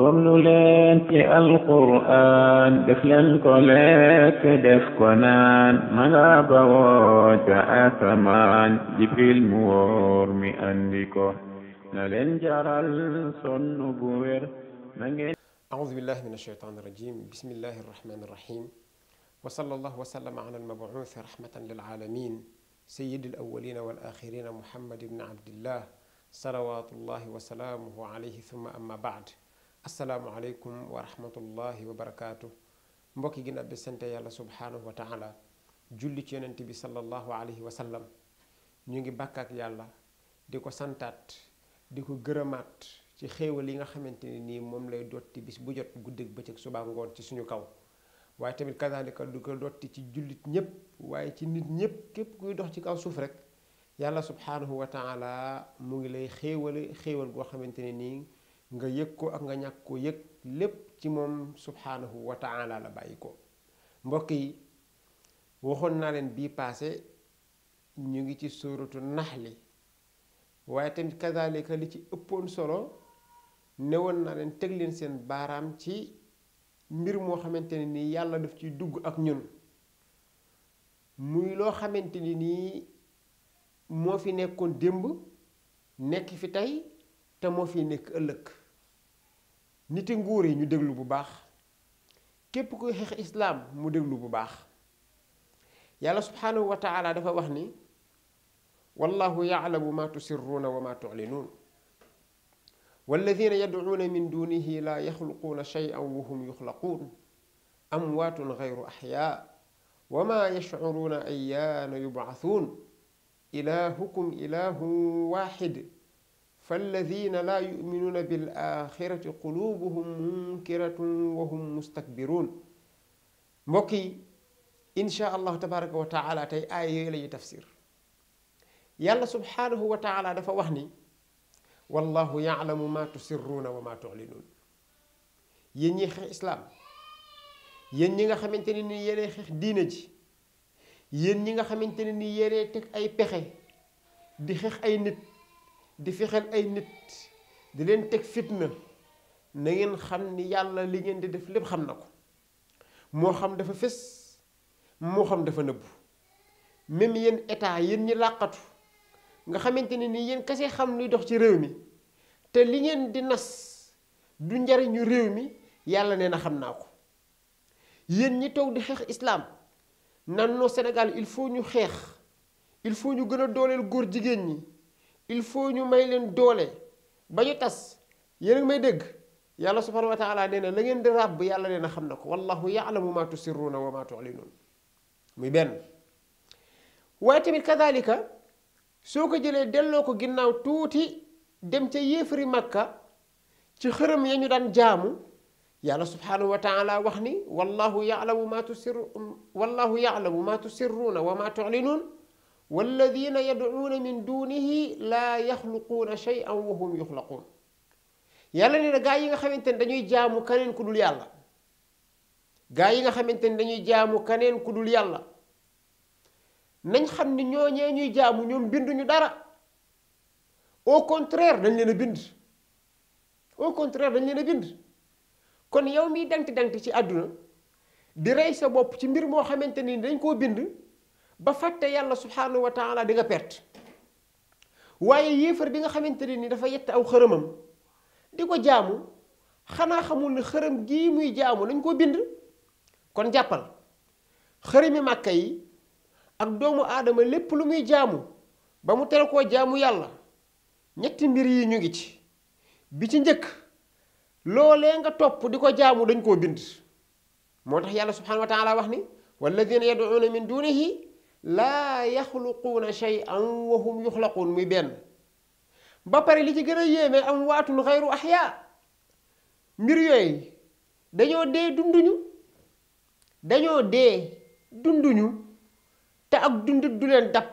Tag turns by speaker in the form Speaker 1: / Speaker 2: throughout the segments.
Speaker 1: ضمن لك القرآن دفل القلاك دفقنان قنان مغاب أثمان جبريل موار مئنكو نلن جرال الصن بوير أعوذ بالله من الشيطان الرجيم بسم الله الرحمن الرحيم وصلى الله وسلم على المبعوث رحمة للعالمين سيد الأولين والآخرين محمد بن عبد الله صلوات الله وسلامه عليه ثم أما بعد asalaamualeykum wa rahmatullahi wa barakaatu mbokki ginnaaw bi sante yàlla subhanahu wa taala julli ci yonent bi sallallahu alayhi wa sallam ñu ngi bàkk ak yàlla di ko santaat di ko gërëmaat ci xéewal yi nga xamante ne nii moom lay dotti bis bu jot guddeeg bëccëg subaa ngoon ci suñu kaw waaye tamit kazalika du ko dotti ci jullit ñépp waaye ci nit ñépp képp kuy dox ci kaw suuf rek yàlla subhanahu wa taala mu ngi lay xéewale xéewal goo xamante ne nga yëg ko ak nga ñàkk ko yëg lépp ci moom subhaanahu wa taala la bàyyi ko mbokk yi waxoon naa leen bii paase ñu ngi ci suuratu naxli waaye tamit kazalika li ci ëppoon solo newoon naa leen teg leen seen baaraam ci mbir moo xamante ne nii yàlla def ciy dugg ak ñun muy loo xamante ni nii moo fi nekkoon démb nekk fi tey te moo fi nekk ëllëg niti nguur yi ñu déglu bu baax képp kuy xeex islaam mu déglu bu baax yàlla subhanahu wa taala dafa wax ni wallahu yaalamu ma tusirruuna wa ma tulinuun walladina yadcuuna min dunihi laa yaxluquuna cheyan wa hum yuxlaquun amwaatun gayru axyaa wa ma yashcuruuna ayaana yubcathuun ilaahukum ilaahu waaxid فالذين لا يؤمنون بالآخرة قلوبهم منكرة وهم مستكبرون موكي إن شاء الله تبارك وتعالى تي آية لي تفسير يلا سبحانه وتعالى دفع وحني والله يعلم ما تسرون وما تعلنون يني خ إسلام يني خ خمنتني يني خ دينج يني خ خمنتني يني تك أي بخي دخ أي نت di fexeel ay nit di leen teg fitna na ngeen xam ni yàlla li ngeen di def lépp xam na ko moo xam dafa fés moo xam dafa nëbbu même yéen état yéen ñi làqatu nga xamante ne ni yéen kese xam luy dox ci réew mi te li ngeen di nas du njariñu réew mi yàlla nee na xam naa ko yéen ñi toog di xeex islaam nan noo Sénégal il faut ñu xeex il faut ñu gën a dooleel góor jigéen ñi il faut ñu may leen doole ba ñu tas yéen a ngi may dégg yàlla subhanahu wa taala nee na la ngeen di ràbb yàlla nee na xam na ko wallahu yaalamu ma tusirruuna wa ma tulinuun muy benn waaye tamit kadalika soo ko jëlee delloo ko ginnaaw tuuti dem ca yéefari makka ci xërëm ya ñu daan jaamu yàlla subhanahu wa taala wax ni wallahu yaalamu ma tusiru wallahu yaalamu ma tusirruuna wa ma tulinuun walladina yad'uuna min dunihi laa yaxluquuna shay'an wa hum yuxlaquun yàlla nee na gaa yi nga xamante ni dañuy jaamu kaneen ku dul yàlla gaa yi nga xamante ne dañuy jaamu kaneen ku yàlla nañ xam ni ñooñee ñuy jaamu ñoom binduñu dara au contraire dañ leen a bind au contraire dañ leen a bind kon yow miy danti danti ci àdduna di rey sa bopp ci mbir moo xamante ni dañ koo bind ba fatte yalla subhanahu wa taala di nga perte waye yefer bi nga xamanteni ni dafa yett aw xërëmam diko jaamu xana xamul ni xërëm gi muy jaamu lañ ko bind kon jappal xërëmi makkay ak doomu adama lepp lu muy jaamu ba mu tere ko jaamu yalla ñetti mbir yi ñu ngi ci bi ci njëkk lolé nga top diko jaamu dañ ko bind motax yalla subhanahu wa taala wax ni walladina yad'una min dunihi laa yaxluquuna shay'an wa hum yuxlaquun muy benn ba pare li ci gën a yéeme am waatul xayru axyaa mbir yooyu dañoo dee dunduñu dañoo dee dunduñu te ak dundit du leen dab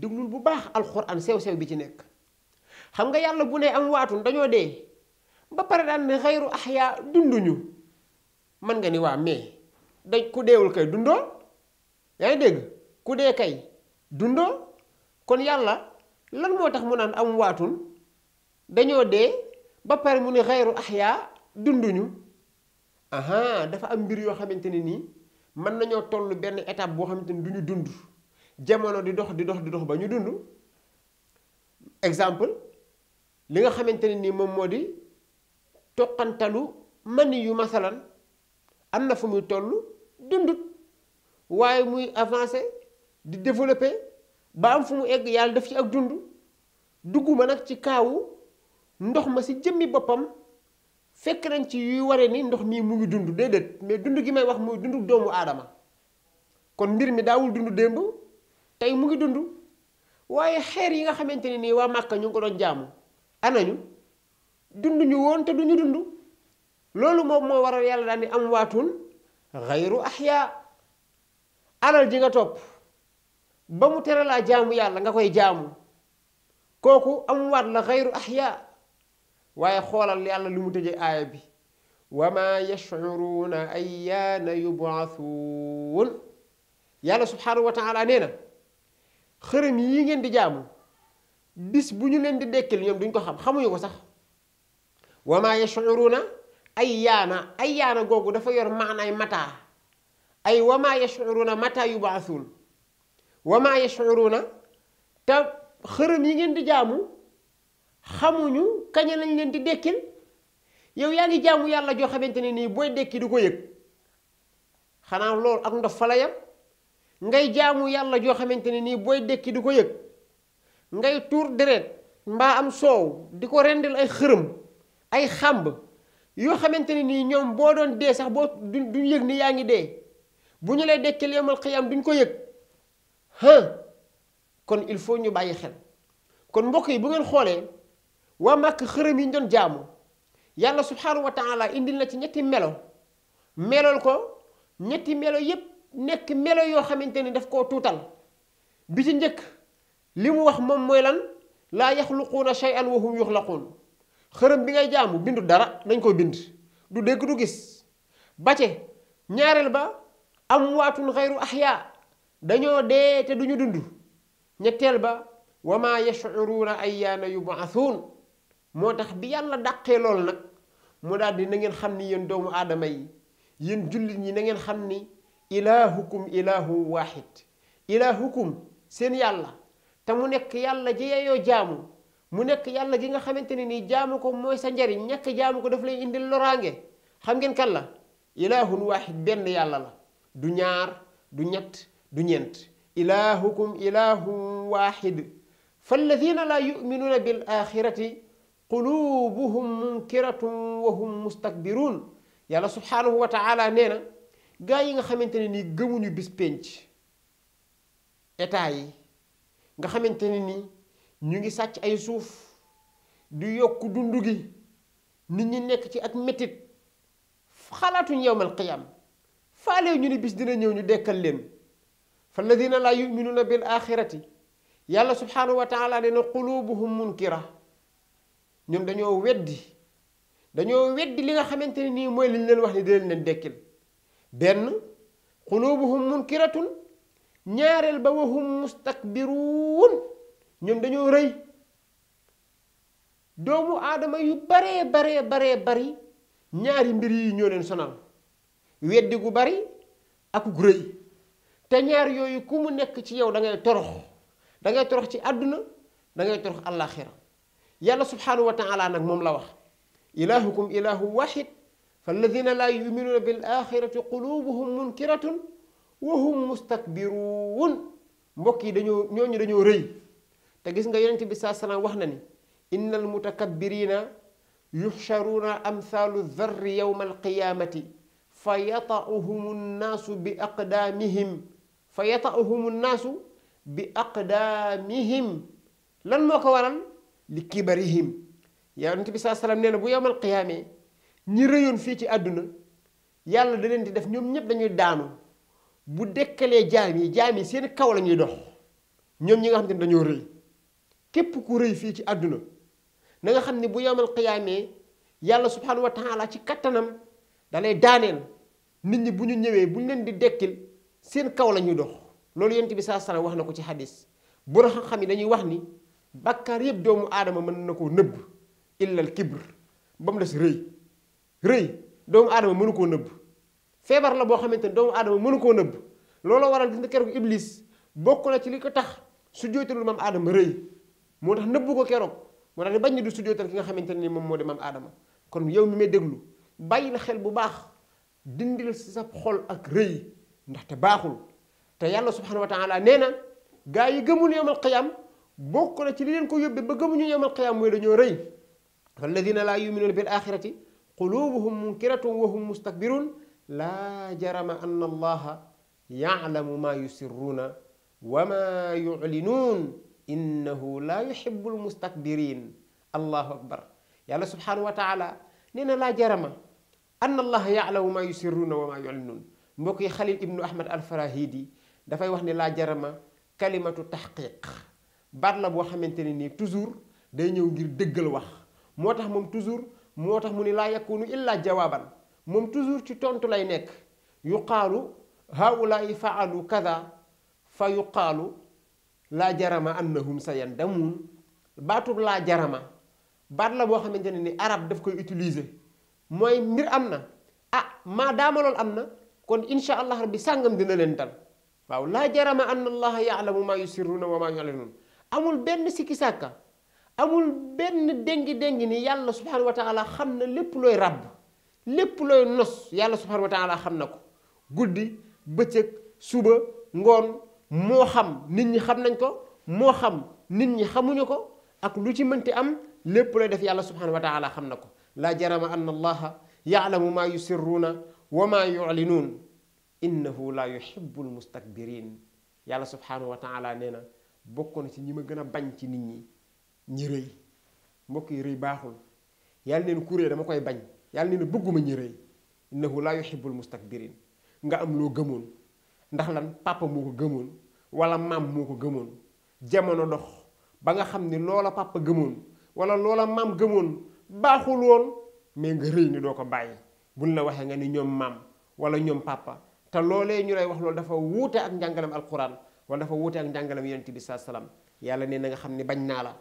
Speaker 1: déglul bu baax alxuraan sew sew bi ci nekk xam nga yàlla bu ne am waatun dañoo dee ba pare daan ne xayru axyaa dunduñu mën nga ni waa mais dañ ku deewul kay dundoo yaay deg dégg ku dee kay dundo kon yalla lan motax tax mu naan am watul daño dee ba pare mu ni khairu ahya dunduñu aha dafa am mbir yo xamanteni ni man mën tollu ben étape boo xamante ni dundu dund jamono di dox di dox di dox bañu dund exemple li nga xamanteni ni mom modi tokantalu di yu masalan amna fu mu tollu dundut waye muy avancer di développer ba am fu mu egg yalla def ci ak dundu duguma nak ci kawu ndox ma si jëmmi bopam fekk nañ ci yu waré ni ndox mii mu ngi dundu dedet mais dundu gi may wax moy dundu doomu adama kon mbir mi daawul dund démb tey mu ngi dundu waye xeer yi nga xamanteni ni wa makka ñu ngi ko doon jaamu anañu dundu ñu won te duñu dundu lolu loolu mo moo waral yàlla daan am watun ghayru ahya' alal ji nga topp ba mu tere laa jaamu yàlla nga koy jaamu kooku amwaat la xayru ahyaa waaye xoolal yàlla lu mu tëje aaya bi wama maa yashcuruuna ayyaana yubcathuun yàlla subhanahu wa taala nee na xërëm yi ngeen di jaamu bis bu ñu leen di dekkil ñoom duñ ko xam xamuñu ko sax wama maa yashcuruuna ayyaana ayyaana googu dafa yor maanaay mataa ay wama yashuruna mata yubaasuun wama yashuruna ta xërëm yi ngeen di jaamu xamuñu kañ lañ leen di dekkil yow yaa ngi jaamu yàlla joo xamante ne nii booy dekki du ko yëg xanaa loolu ak ndof fa ngay jaamu yàlla joo xamante ne nii booy dekki du ko yëg ngay tuur deret mbaa am soow di ko rendil ay xërëm ay xàmb yoo xamante ne nii ñoom boo doon dee sax boo du du yëg ni yaa ngi dee bu ñu lay dekkil yomal qiyam duñ ko yëg ha kon il faut ñu bàyyi xel kon mbokk yi bu ngeen xoolee waa màkk xërëm yi ñu doon jaamu yàlla subhanahu wa taala indil na ci ñetti melo melol ko ñetti melo yépp nekk melo yoo xamante ni daf koo tuutal bi ci njëkk li mu wax moom mooy lan laa yaxluquuna shay'an wa hum yuxlaquun xërëm bi ngay jaamu bindu dara dañ ko bind du dégg du gis ba ce ñaareel ba Amwatun xayru ahya dañu de te duñu dundu ñettel ba wa yash'uruna ayyana yub'athun motax bi yalla daqé lol nak mu dal di na ngeen xamni yeen doomu adamay yeen jullit ñi na ngeen xamni ilahukum ilahu wahid ilahukum ilaahukum seen jamu te mu nek yalla ji yeyo jaamu mu nek yalla gi nga xamanteni ni jaamu ko moy sa ndari ñek jaamu ko daf lay indi lorange xam ngeen kan la la du ñaar du ñett du ñeent ilahukum ilahum waxid falladina laa yuminuuna bil axirati qulubuhum munkiratun wa hum mustakbiruun yàlla subhaanahu wa nee na gaa yi nga xamante ni nii gëmuñu bis pénc état yi nga xamante ne nii ñu ngi sàcc ay suuf du yokk dund gi nit ñi nekk ci ak métit xalaatuñ yowmal qiyaama faalew ñu ni bis dina ñëw ñu dekkal leen fa alladina laa yuminuuna bil axirati yàlla subhaanahu wa taala nee na qulubuhum munkira ñoom dañoo weddi dañoo weddi li nga xamante ni nii mooy liñ leen wax ni dina leen dekkil benn qulubuhum munkiratun ñaareel ba wahum mustakbiruun ñoom dañoo rëy doomu aadama yu baree baree baree bari ñaari mbir yi ñoo leen sonal weddi gu bari ak gu reuy te ñaar yoyu ku mu nek ci yow da ngay torox da ngay torox ci aduna da ngay torox al-akhirah yalla subhanahu wa taala nak mom la wax ilahukum ilahu waxid falladina la yu'minuna bil akhirati qulubuhum munkiratun wa hum mustakbirun mbokki dañu dañoo ñooñu dañoo rëy te gis nga yonente bi saa wasallam wax innal mutakabbirina inna almutakabbirina dharri yawmal alqiyamati fa yatauhumu nnaasu bi aqdaamihim fa yatauhumu nnaasu bi aqdaamihim lan moo ko waral li kibarihim yonent bi saa salaam na bu yowmal qiyaamee rëyoon fii ci àdduna yàlla da leen di def ñoom ñëpp dañuy daanu bu dekkalee jaam jaam yi seen kaw la dox ñoom ñi nga xam ne dañoo rëy képp ku rëy fii ci àdduna na xam ne bu yowmal qiyaamee yàlla subhaanahu wa taala ci kattanam dalay daaneel nit ñi bu ñu ñëwee bu ñu leen di dekkil seen kaw la ñuy dox loolu yent bi saa sara wax na ko ci xadis bu xam-xam dañuy wax ni bàkkaar yëpp doomu aadama mën na koo nëbb illal kibr ba mu des rëy rëy doomu aadama mënu koo nëbb feebar la boo xamante ne doomu aadama mënu koo nëbb looloo waral gis nga keroog iblis bokk na ci li tax su jooytalul maam aadama rëy moo tax nëbbu ko keroog moo tax ne bañ ni du su jooytal nga xamante ne ni moom moo de maam aadama kon yow mi may déglu bàyyi xel bu baax dindil sa xol ak ndax te baaxul te yàlla subhanahu wa taala neena gaay yi gëmul yowmal qiyam bokku na ci li len ko yobbe ba gëmuñu yowmal qiyaam mooy dañoo rëy walladina la yu'minuna bil akhirati qulubuhum munkiratun wa hum mustakbirun la jarama anna allaha yaalamu ma yusirruna wa ma yu'linun innahu la yuhibbul mustakbirin allahu akbar yàlla subhanahu wa taala neena la jarama anna allaha yaalamu maa yusirruuna na maa yulinuun mbokk yi xalil ibnu ahmad alfarahidi dafay wax ni laa jarama kalimatu taxqiq baat la boo xamante ne nii toujours day ñëw ngir dëggal wax moo tax moom toujours moo tax mu ne laa yakunu illaa jawaaban moom toujours ci tontu lay nekk yuqaalu haulaai faalu kada fa yuqaalu laa jarama annahum sa yandamuun baatub laa jarama baat la boo xamante ne ni arab daf koy utiliser mooy mbir am na ah maadaama loolu am na kon insha allah rabbi sàngam dina leen dal waaw laa jarama anna allaha yaalamu maa yusirruuna wa maa yu'linuun amul benn sikki sàkka amul benn déngi-déngi ni yàlla subhanahu wa taala xam na lépp looy ràbb lépp looy nos yàlla subhanahu wa taala xam na ko guddi bëccëg suba ngoon moo xam nit ñi xam nañ ko moo xam nit ñi xamuñu ko ak lu ci mënti am lépp looy def yàlla subhanahu wa taala xam na ko لا جرم أن الله يعلم ما يسرون وما يعلنون إنه لا يحب المستكبرين yàlla subhanahu wa taala nee na bokk na ci ñi ma gën a bañ ci nit ñi ñi rëy mbokk yi rëy baaxul yàlla nee na ku rëy dama koy bañ yàlla nee na bëgguma ñi rëy innahu laa yuhibbul mustakbirin nga am loo gëmoon ndax lan papa moo ko gëmoon wala maam moo ko gëmoon jamono dox ba nga xam ni loola papa gëmoon wala loola maam gëmoon baaxul woon mais nga rëy ni doo ko bàyyi buñ la waxee nga ni ñoom maam wala ñoom pàppa te loolee ñu lay wax loolu dafa wuute ak njàngalam alquran wala dafa wuute ak njàngalam yonent bi saa salaam yàlla nee na nga xam ne bañ naa la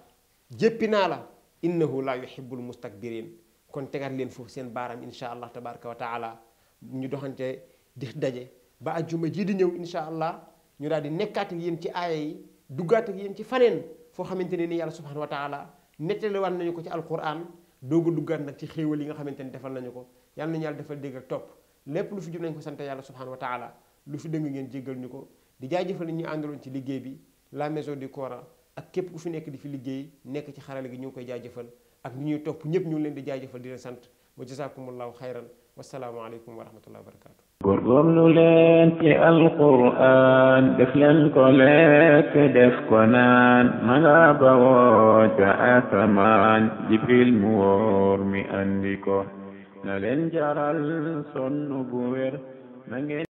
Speaker 1: jéppi naa la innahu la yuhibbul mustakbirin kon tegat leen foofu seen baaram insha allah tabaraka wa taala ñu doxante di daje ba ajjuma jii di ñëw insha allah ñu daal di nekkaat ak yéen ci aaya yi duggaat ak yéen ci faneen foo xamante ne ni yàlla subhanahu wa taala nettaliwaat nañu ko ci alquran doog a duggaat nag ci xéewal yi nga xamante ni defal nañu ko yàlla nañu yàlla defal dégg topp lépp lu fi jub nañ ko sant yàlla subhanahu wa taala lu fi dëng ngeen jéggal ñu ko di jaajëfal ni ñuy àndaloon ci liggéey bi la maison du Coran ak képp ku fi nekk di fi liggéey nekk ci xarale gi ñu ngi koy jaajëfal ak ñi ñuy topp ñëpp ñu ngi leen di jaajëfal di leen sant wa jazakumullahu xayran wasalaamualeykum wa rahmatullahi wa barakatu góorgóorlu leen ci alquran def leen ko lekk def ko naan ma nga bawoo ca asamaan jibril mu wóor mi andi na leen jaral sonn bu wér na